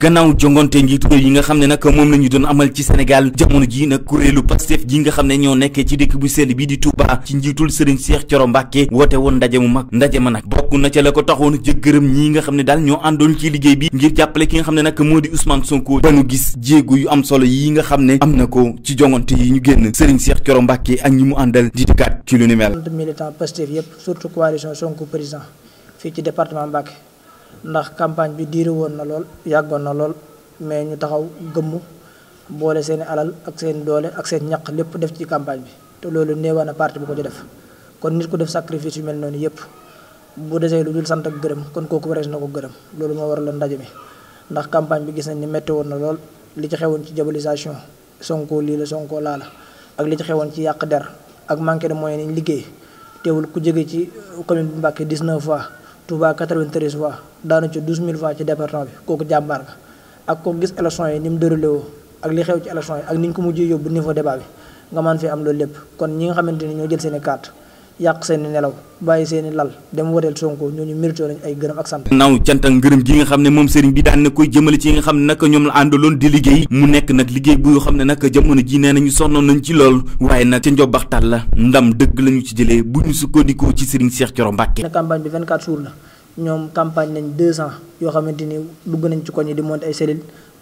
gannaaw jongante njiitu yi nga xam ne nag moom la ñu doon amal ci Sénégal jamono ji na kuréelu Pastef ji nga xam ne ñoo nekkee ci dëkk bu sell bi di Touba ci njiitul Serigne Cheikh Thioro Mbacké woote woon ndaje mu mag ndaje ma nag bokk na ca la ko taxoon jëgërëm ñii nga xam ne daal ñoo àndoon ci liggéey bi ngir jàppale ki nga xam ne nag moo di Ousmane Sonko ba nu gis jéego yu am solo yi nga xam ne am na ko ci jongante yi ñu génn Serigne Cheikh Thioro Mbacké ak ñi mu àndal di dikkaat ci lu ni mel militant Pastef ndax campagne bi diiri woon na lool yàggoon na lool mais ñu taxaw gëmm boole seen alal ak seen doole ak seen ñaq lépp def ci campagne bi te loolu néewaan na parti bu ko ci def kon nit ku def sacrifice yu mel noonu yëpp bu desee lu dul sant ak gërëm kon kooku warees na ko gërëm loolu moo waraloon ndaje mi ndax campagne bi gis nañ ni métti woon na lool li ci xewoon ci diabolisation Sonko lii la Sonko laa la ak li ci xewoon ci yàq der ak manqué de moyens yi liggéey teewul ku jóge ci commune bu Mbacké 19 fois Touba 93 fois daanu ci 12000 fois ci département bi kooku jàmbaar nga ak ko gis élection yi ni mu déroulé ak li xew ci élection yi ak ni ko mujjee yóbbu niveau débat bi nga man fi am loolu lépp kon ñi nga xamante ni ñoo jël seen i yàq seeni nelaw bàyyi seeni lal dem woteel Sonko ñooñu méritoo nañ ay gërëm ak sant naaw cant gërëm ji nga xam ne moom sëriñ bi daan na koy jëmale ci nga xam ne nag ñoom la àndaloon di liggéey mu nekk nag liggéey bu yoo xam ne nag jamono ji nee nañu sonnoon nañ ci lool waaye nag ca njobbaxtal la ndam dëgg lañu ci jëlee bu ñu sukkandikoo ci sëriñ Cheikh Thioro Mbacké campagne bi 24 jours la ñoom campagne nañ 200 yoo xamante ni dugg nañ ci koñ yi di monter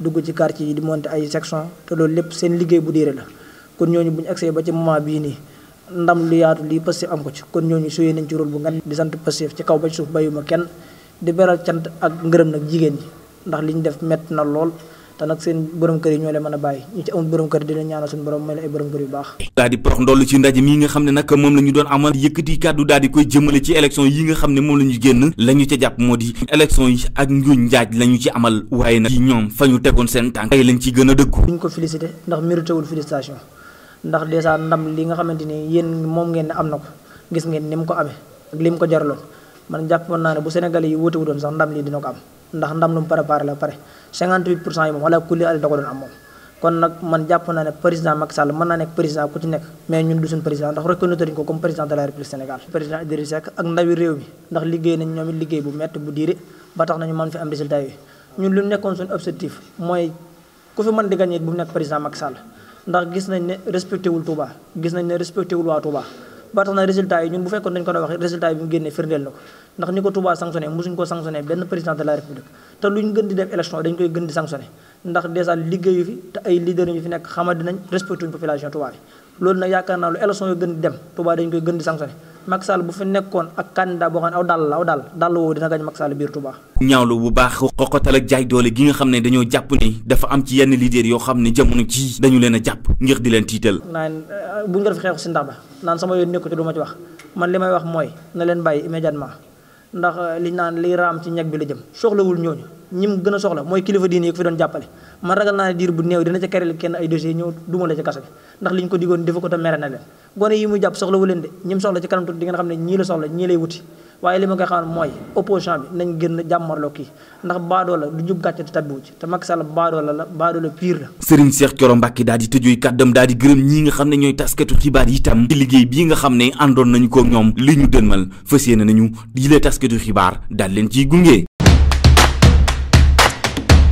dugg ci quartier yi di monter loolu lépp seen liggéey bu diire la kon ñooñu bu ñu agsee ba ci moment bii nii ndam lu yaatu lii Pastef am ko ci kon ñooñu suyee nañ ci rôle bu ngan di sant Pastef ci kaw ba suuf bayuma kenn di beral cant ak ngërëm nag jigéen ñi li ñu def metti na lool te nag seen borom kër yi ñoo a bàyyi ñu ci amul borom kër dina ñaanal suñu borom may la nga xam ne nag moom la ñu doon amal yëkkati kàddu daal di koy jëmale ci élection yi nga xam ne moom la ñu génn la ñu ca jàpp moo di élection yi ak njuñ njaaj la ñu ci amal waaye nag yi ñoom fa ñu tegoon seen tànk tey lañ ci gën a dëggu ñu ko félicité ndax mérité wul félicitation ndax dèjà ndam li nga xamante ni yéen moom ngeen ne am na ko gis ngeen ni mu ko amee ak li mu ko jaraloon man jàppoon naa ne bu Sénégalais yi wuute wu doon sax ndam lii dina ko am ndax ndam lu mu préparé la pare 58 pour cent yi moom wala kulli al da ko doon am moom kon nag man jàpp naa ne président Macky Sall mën naa nekk président ku ci nekk mais ñun du suñu président ndax reconnaître ñu ko comme président de la République Sénégal président Idrissa Seck ak ndawi réew mi ndax liggéey nañ ñoom it liggéey bu metti bu diire ba tax nañu mën fi lu nekkoon suñu objectif mooy ku fi mën mu nekk président Macky Sall ndax gis nañ ne respecté wul Touba gis nañ ne respecté wul waa Touba ba tax na résultat yi ñun bu fekkoon dañu ko doon wax résultat yi bi mu génnee firndeel na ko ndax ni ko Touba sanctionné mosuñ ko sanctionné benn président de la république te luñ gën gën di sanctionné ndax dèjà liggéeyu fi te ay leaders yu fi nekk xamadi nañ respecté wuñ population Touba bi loolu yaakaar naa lu gën di dem Touba dañ koy gën di sanctionné Macky Sall bu fi nekkoon ak candidat boo xam ne aw dàll aw dàll dàll woowu dina gañ Macky Sall biir Touba. ñaawlu bu baax xoqatal ak jaay doole gi nga xam ne dañoo jàpp ne dafa am ci yenn leader yoo xam ne jamono ci dañu leen a jàpp di leen tiital. naan eh, bu ñu ko def xeexu si naan sama yoon nekku ci du ma ci wax man li may wax mooy na leen bàyyi immédiatement ndax li naan liy raam ci ñag bi la jëm soxlawul ñooñu ñim gën soxla mooy kilifa diine yi ko fi doon jàppale man ragal naa ne diir bu néew dina ca karil kenn ay dossier ñëw dumale ci kaso bi ndax liñ ko digoon defu ko te mere na leen gone yi muy jàpp soxla wu ne ñii la soxla ñii lay wuti waaye li mooy opposition bi nañ gën a jàmmarloo kii ndax baadoo la du jub gàcce te tabbiwu ci te Macky Sall baadoo la la baadoo la pire la Serigne Cheikh Thioro Mbacké daal di tëjooy kàddam daal di gërëm ñii nga xam ne ñooy taskatu xibaar itam ci liggéey bii nga xam ne àndoon nañu ko ñoom li ñu dënmal fas yéene nañu yile taskatu xibaar daal leen ciy gunge